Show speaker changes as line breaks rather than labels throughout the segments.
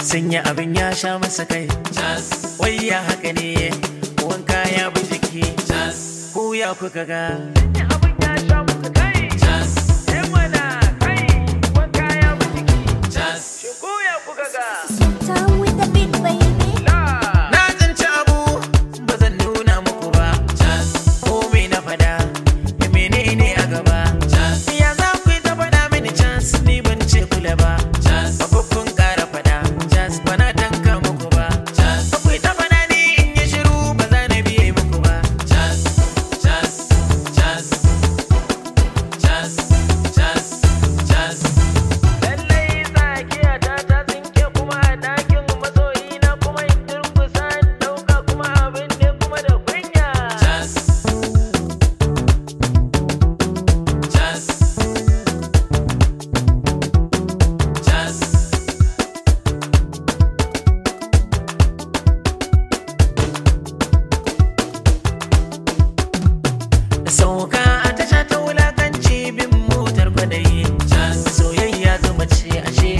sanya abin ya sha masa kai wai ya haka ne wanka ya bi jiki ku ya kuka ga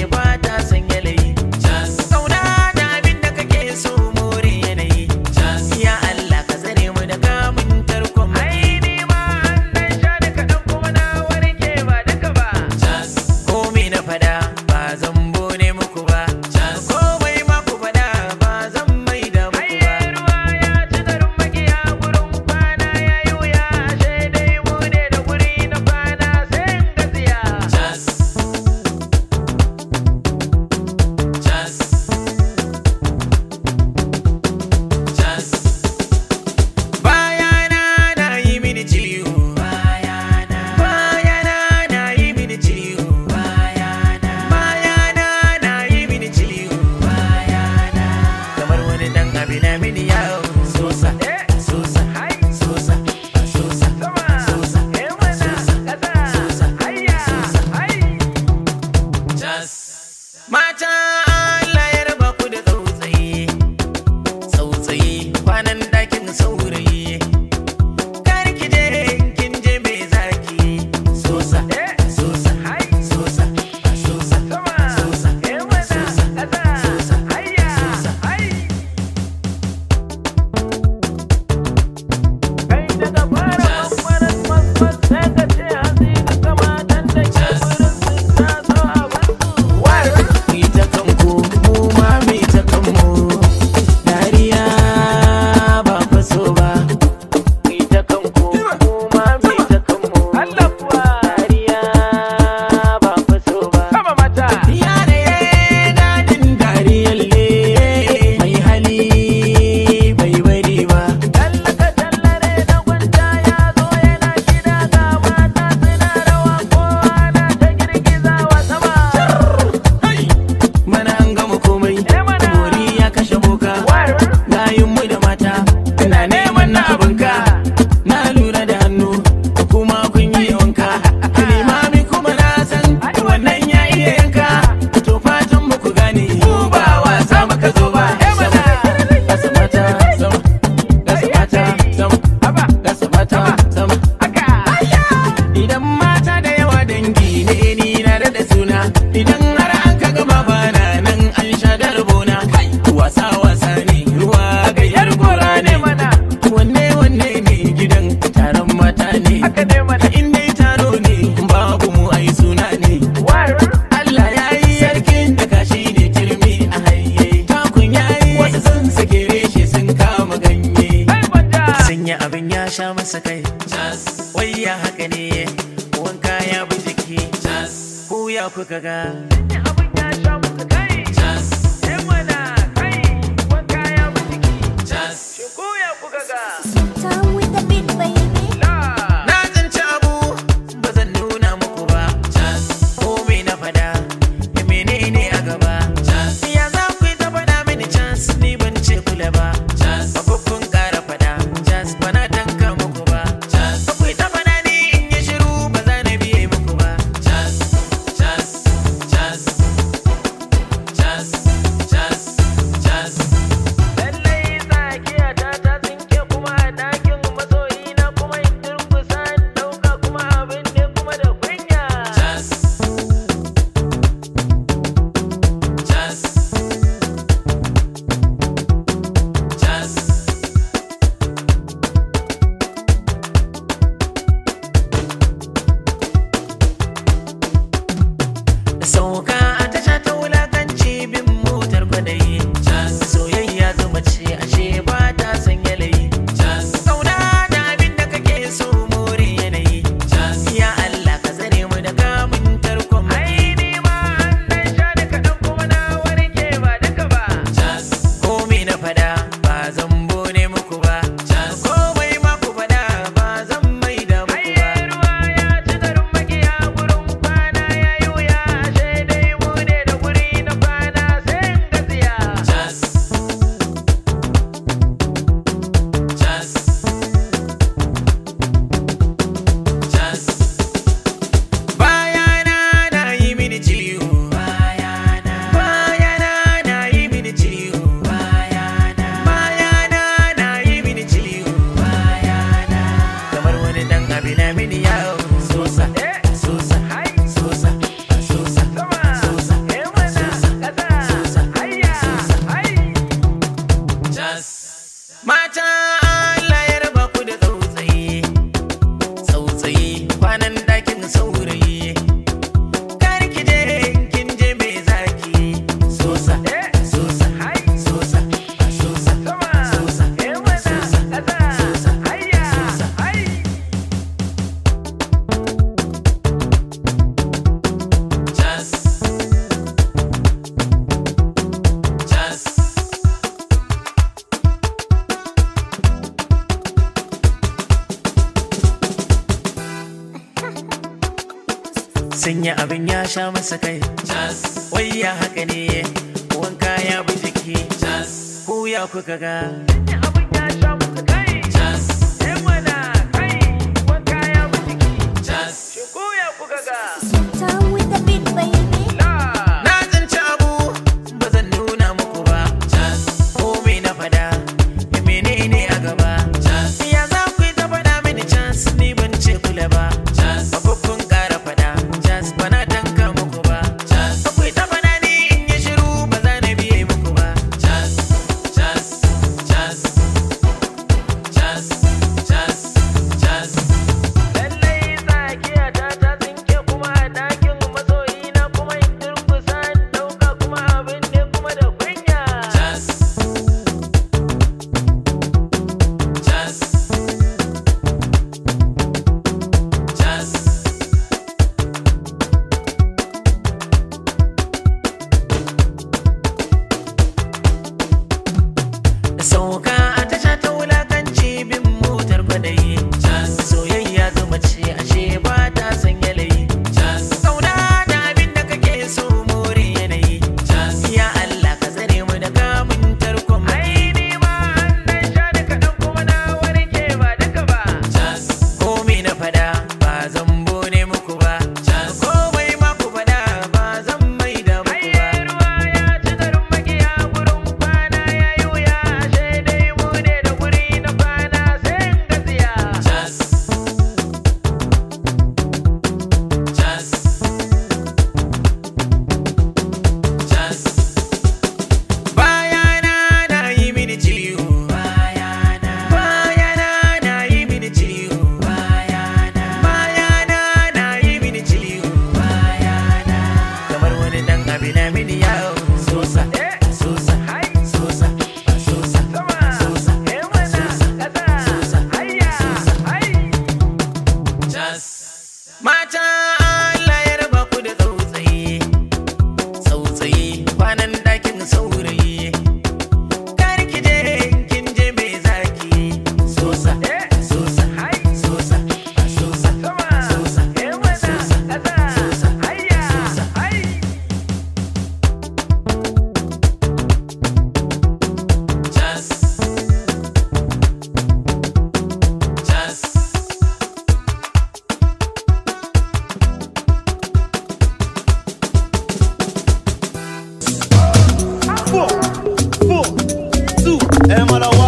ba ta Just. sanya abin ya sha masa kai wai ya haka ne wanka ya bi jiki ku ya kuka ga É maravilhoso.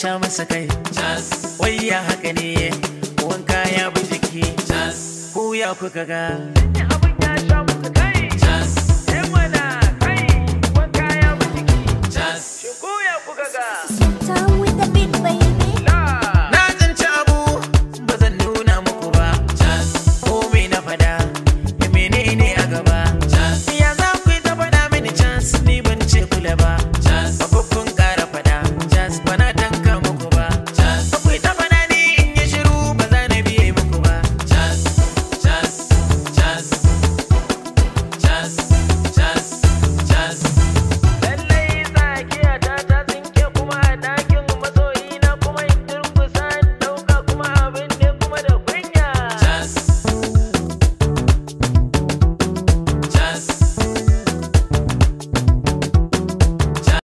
sha masa kai wai ya haka ne wanka ya bi jiki ko ya kuka ga abin ya sha